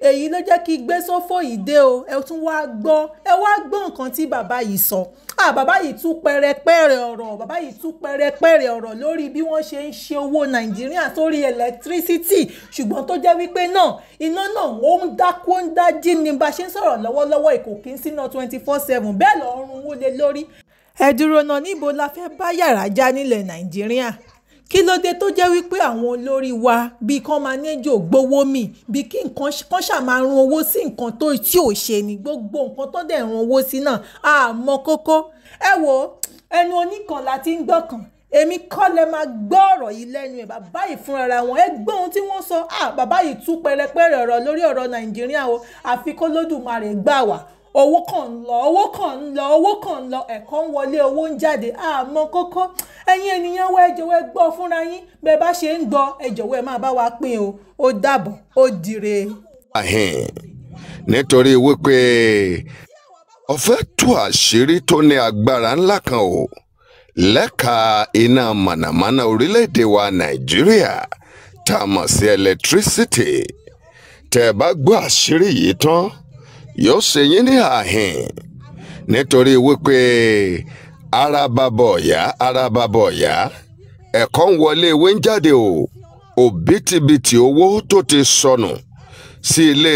èyí ló jẹ́ kí gbé sófò yìí dé o ẹ tún wá gbọ́ ẹ wá gbọ́ nǹkan tí bàbá yìí sọ ah bàbá yìí tú pẹrẹpẹrẹ ọ̀rọ̀ bàbá yìí tú pẹrẹpẹrẹ ọ̀rọ̀ lórí bí wọ́n ṣe ń ṣe owó nàìjíríà sórí ẹlẹtírísítì ṣùgbọ́n tó jẹ́ wípé náà iná náà ó ń dákú ó ń dájí ni bá ṣe ń sọ̀rọ̀ lọ́wọ́lọ́wọ́ èkó kí n síná twenty four seven bẹ́ẹ̀ lọ́ọ́ rún wó lé lórí. ẹ dúró náà níbo la fẹ́ bá yàrá já nílẹ̀ nàìjíríà kí ló dé tó jẹ́ wípé àwọn olórí wa bíi kán máa nẹ́jọ́ gbowó mì bíi kí nǹkan kan ṣàmà run owó sí nǹkan tó tí ò ṣe ni gbogbo nǹkan tó dẹ̀ run owó sí náà àmọ́ kókó ẹ wo ẹnu oníkan la ti ń gbọ́kàn èmi kọ́ lẹ máa gbọ́ ọ̀rọ̀ yìí lẹ́nu ẹ̀ bàbá yìí fúnra wọn ẹ gbọ́ ohun tí wọ́n sọ bàbá yìí tú pẹrẹpẹrẹ ọ̀rọ̀ lórí ọ̀rọ̀ nàìjíríà o àfi lódùmarè gbà wá owó kan ń lọ owó kan ń lọ owó kan ń lọ ẹ̀kọ́ ń wọlé owó ń jáde àmọ́ kókó ẹ̀yin ènìyàn wọ ẹjọ́ wẹ́ gbọ́ fúnra yín bẹ́ bá ṣe ń gbọ́ ẹjọ́ wẹ́ máa bá wa pín o ó dàbọ̀ ó dire. nítorí wípé ọ̀fẹ́ tú àṣírí tó ní agbára ńlá kan o lẹ́ka iná mànàmáná orílẹ̀-èdè wa nàìjíríà tá a mọ̀ sí ẹlẹtírísítì tẹ̀ bá gbọ́ àṣírí yìí tán yóò ṣe yín ní àhìn nítorí wípé ara bàbá ọ̀yá ara bàbá ọ̀yá ẹ̀kọ́ ń wọlé ewé ń jáde o òbítíbitì owó tó ti sọnù sí ilé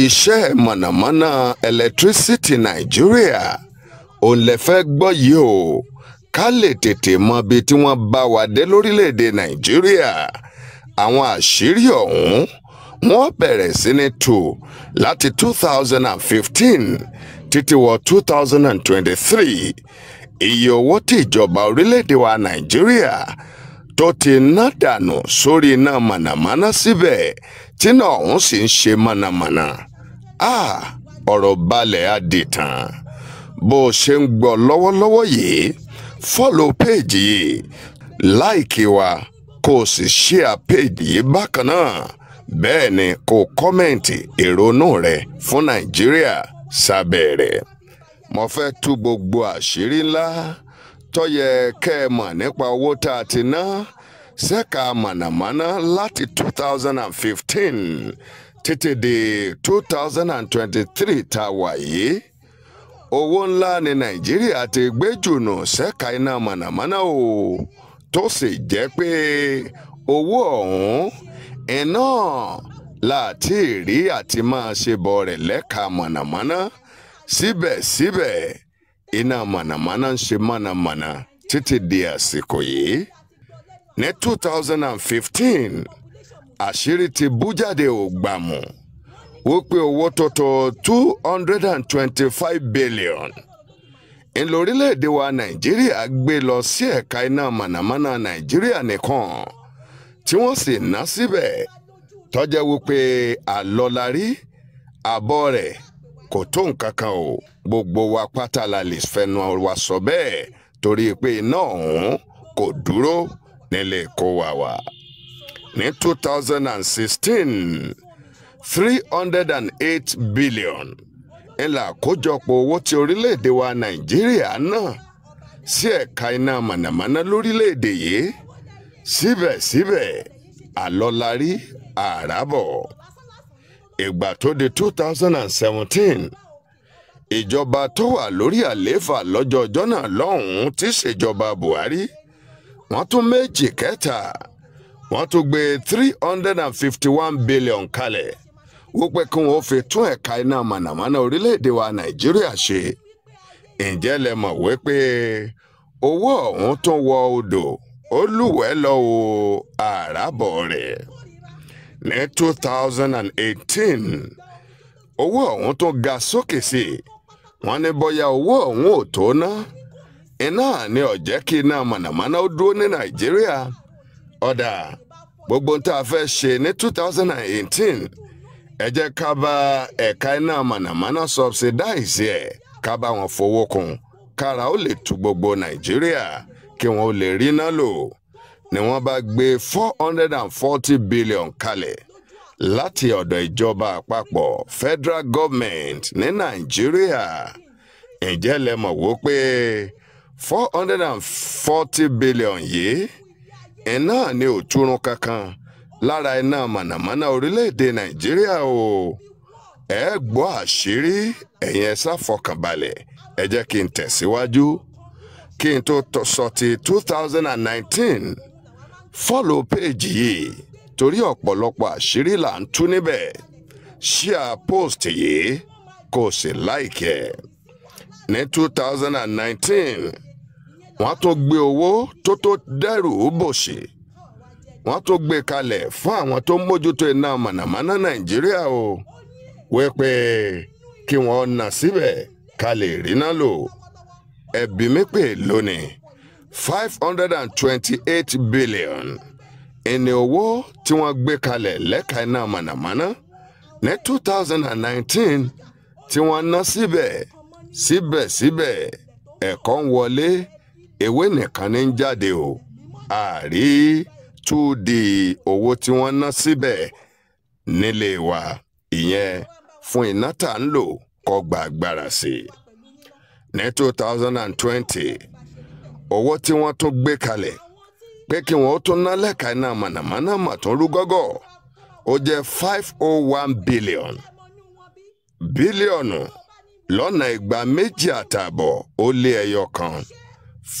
iṣẹ́ mọ̀nàmọ́ná ẹlẹtírísítì nàìjíríà òun lè fẹ́ gbọ́ yìí o ká lè tètè mọ ibi tí wọ́n bá wà dé lórílẹ̀‐èdè nàìjíríà àwọn àṣírí ọ̀hún wọ́n bẹ̀rẹ̀ sí ní tò láti two thousand and fifteen títí wọ two thousand and twenty-three iye owó tí ìjọba orílẹ̀-èdè wa nàìjíríà tó ti ná dànù sórí iná mànàmáná síbẹ̀ tí náà òun sì ń ṣe mànàmáná ah ọ̀rọ̀ balẹ̀ á di tán bó o ṣe ń gbọ́ lọ́wọ́lọ́wọ́ yìí follow péèjì yìí láìkí wa kó o sì ṣíà péèjì yìí bákan náà bẹ́ẹ̀ ni kò kọ́mẹ̀ǹtì èrònú rẹ fún nàìjíríà sábẹ́ rẹ̀ mo fẹ́ tú gbogbo àṣírí ńlá tó yẹ kẹ́ ẹ mọ̀ nípa owó tá a ti ná ṣẹ́ka mànàmáná láti two thousand and fifteen títí di two thousand and twenty-three tá a wà yìí owó ńlá ni nàìjíríà ti gbé jùnù ṣẹ́ka iná mànàmáná o tó sì jẹ́ pé owó ọ̀hún iná láti rí àti máa ṣe bọ̀ rẹ̀ lẹ́ka mọ̀nàmọ́ná síbẹ̀síbẹ̀ iná mọ̀nàmọ́ná ń ṣe mọ̀nàmọ́ná títí di àsìkò yìí ní two thousand and fifteen àṣírí ti bú jáde ògbàmù wípé owó tuntun two hundred and twenty-five billion ńlọ orílẹ̀-èdè wa nàìjíríà gbé lọ sí ẹ̀ka iná mọ̀nàmọ́ná nàìjíríà nìkan tí wọ́n sì ná síbẹ̀ tọ́jẹ́ wípé àlọ́larí àbọ̀ rẹ̀ kò tó nǹkan kan o gbogbo wa pátá la lè fẹnu wa sọ bẹ́ẹ̀ torí pé iná ọ̀hún kò dúró nílé kó wa wà. ní two thousand and sixteen three hundred and eight billion ńlá àkójọpọ̀ owó tí orílẹ̀-èdè wa nàìjíríà náà sí ẹ̀ka iná mànàmáná lórílẹ̀-èdè yìí síbẹ̀síbẹ̀ àlọ́larí àràbọ̀ ìgbà tó di two thousand and seventeen ìjọba tó wà lórí àlééfà lọ́jọ́ ọjọ́ náà lọ́hùn-ún ti ṣèjọba Buhari wọ́n tún méjì kẹta wọ́n tún gbé three hundred and fifty one billion kalẹ̀ wípé kí wọ́n fi tún ẹ̀ka iná mànàmáná orílẹ̀-èdè wa Nàìjíríà ṣe ǹjẹ́ lẹ mọ̀ wípé owó ọ̀hún tún wọ odò olúwẹ̀ lọ wo àràbọ̀ rẹ̀ ní two thousand and eighteen owó ọ̀hún ga sókè sí i wọ́n ní bóyá owó ọ̀hún ò tó ná iná ni kí iná mànàmáná ó dúró ní nàìjíríà ọ̀dà gbogbo tá a fẹ́ ṣe ní two thousand and eighteen ẹ jẹ́ ká bá ẹ̀ka iná mànàmáná subsidize ẹ̀ ká bá wọn fowó kún kára ó lè tu gbogbo nàìjíríà. kí wọn ò lè rí náà lò ni wọ́n bá gbé four hundred and forty billion kalẹ̀ láti ọ̀dọ̀ ìjọba àpapọ̀ federal government ní nàìjíríà ǹjẹ́ lẹ mọ̀ wó pé four billion yìí iná ni kankan lára iná mànàmáná orílẹ̀-èdè nàìjíríà o ẹ gbọ́ àṣírí kí n tó sọ ti two thousand and nineteen fọ́ọ̀lù péèjì yìí torí ọ̀pọ̀lọpọ̀ àṣírí là ń tú níbẹ̀ ṣíà post yìí kò sì láìkẹ́ ní two thousand and nineteen wọ́n á tó gbé owó tó tó dẹ́rù bòṣì wọ́n á tó gbé kalẹ̀ fún àwọn tó mójútó iná mànàmáná nàìjíríà o wípé kí wọ́n nà síbẹ̀ ká lè rí náà lò. ẹ bí mi pè lónìí five hundred and twenty-eight billion ìní owó tí wọ́n gbé kalẹ̀ lẹ́ka iná mànàmáná ní two thousand and nineteen tí wọ́n ná síbẹ̀ síbẹ̀síbẹ̀ ẹ̀kọ́ ń wọlé ewé nìkan ní ń jáde o àrí túdì owó tí wọ́n ná síbẹ̀ nílé wa ìyẹn fún iná ń lò kó gba sí i. ní 2020, thousand and twenty owó tí wọ́n tún gbé kalẹ̀ pé kí wọ́n tún ná lẹ́ka iná mànàmáná mà rú gọ́gọ́ ó jẹ́ five oh one billion bílíọ̀nù lọ́nà ìgbà méjì àtààbọ̀ ó lé ẹyọ kan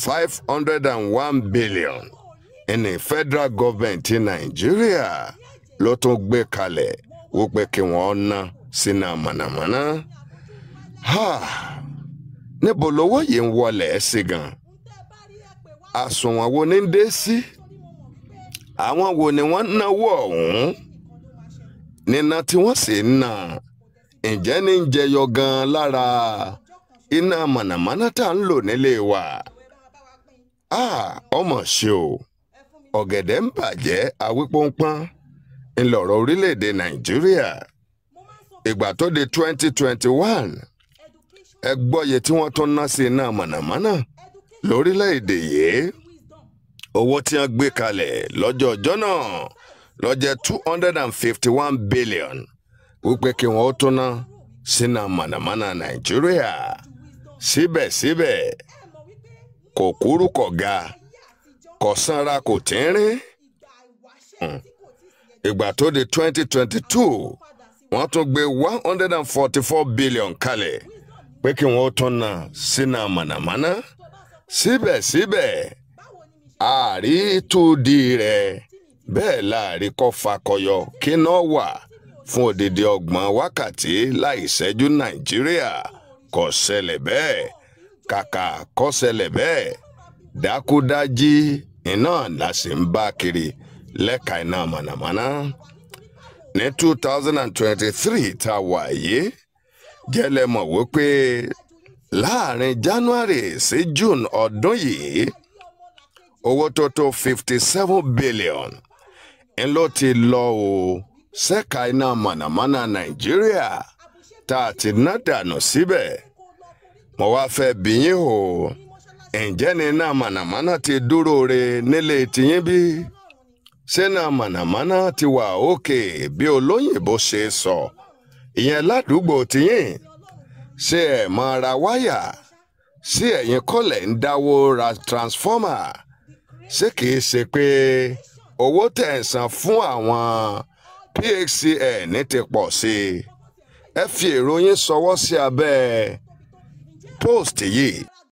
five hundred and one billion ní federal government ti nàìjíríà ló tún gbé kalẹ̀ kí wọ́n ná sínú mànàmáná. Ha. níbo lówó yìí ń wọlé sí gan àsùnwọ̀n wo ni ń dé sí àwọn wo ni wọ́n náwó ọ̀hún nínà tí wọ́n sì ń nà ǹjẹ́ ní ń jẹyọ gan lára iná mọ̀nàmọ́ná tá à ń lò nílé wa ọmọ ṣe o ọ̀gẹ̀dẹ̀ ń bàjẹ́ awípọ́npọ́n ńlọrọ̀ orílẹ̀-èdè nàìjíríà ìgbà tó di twenty twenty one ẹ gbọ́yè tí wọ́n tún ná sí iná mọ̀nàmọ́ná lórílẹ̀‐èdè yìí owó tí wọ́n gbé kalẹ̀ lọ́jọ́ ọjọ́ náà ló jẹ́ two hundred and fifty one billion wípé kí wọ́n tún ná sínú mọ̀nàmọ́ná nàìjíríà síbẹ̀síbẹ̀ kò kúrú kò ga kò sanra kò tínrín hmm. ìgbà tó di pé kí wọ́n tọ́nà sínú mànàmáná síbẹ̀síbẹ̀ àárí tó di rẹ̀ bẹ́ẹ̀ láàrin kọ́ fakọyọ kí náà wà fún odidi ọgbọ̀n wákàtí láì ṣẹ́jú nàìjíríà kò bẹ́ẹ̀ kàkà kò kiri iná mànàmáná ní two thousand and jẹ́lẹ̀mọ̀ wípé láàrin January sí June ọdún yìí owó tó tó fifty seven billion ń ti lọ o ṣẹ́ka iná mànàmáná Nàìjíríà tá a ti ná dànù síbẹ̀ mo wá fẹ́ bi o ǹjẹ́ ni iná mànàmáná ti dúró re nílé tiyín bí? ṣé iná mànàmáná ti wà òkè bí olóyìnbó ṣe sọ. So ìyẹn ládùúgbò tìyìn ṣé ẹ̀ mọ ra wáyà ṣé ẹ̀yin kọ́lẹ̀ ń dáwó ra transformer ṣé kìí ṣe pé owó tẹ̀ ń san fún àwọn PHCN ti pọ̀ sí i ẹ fi èrò yín ṣọwọ́ sí abẹ́ post yìí.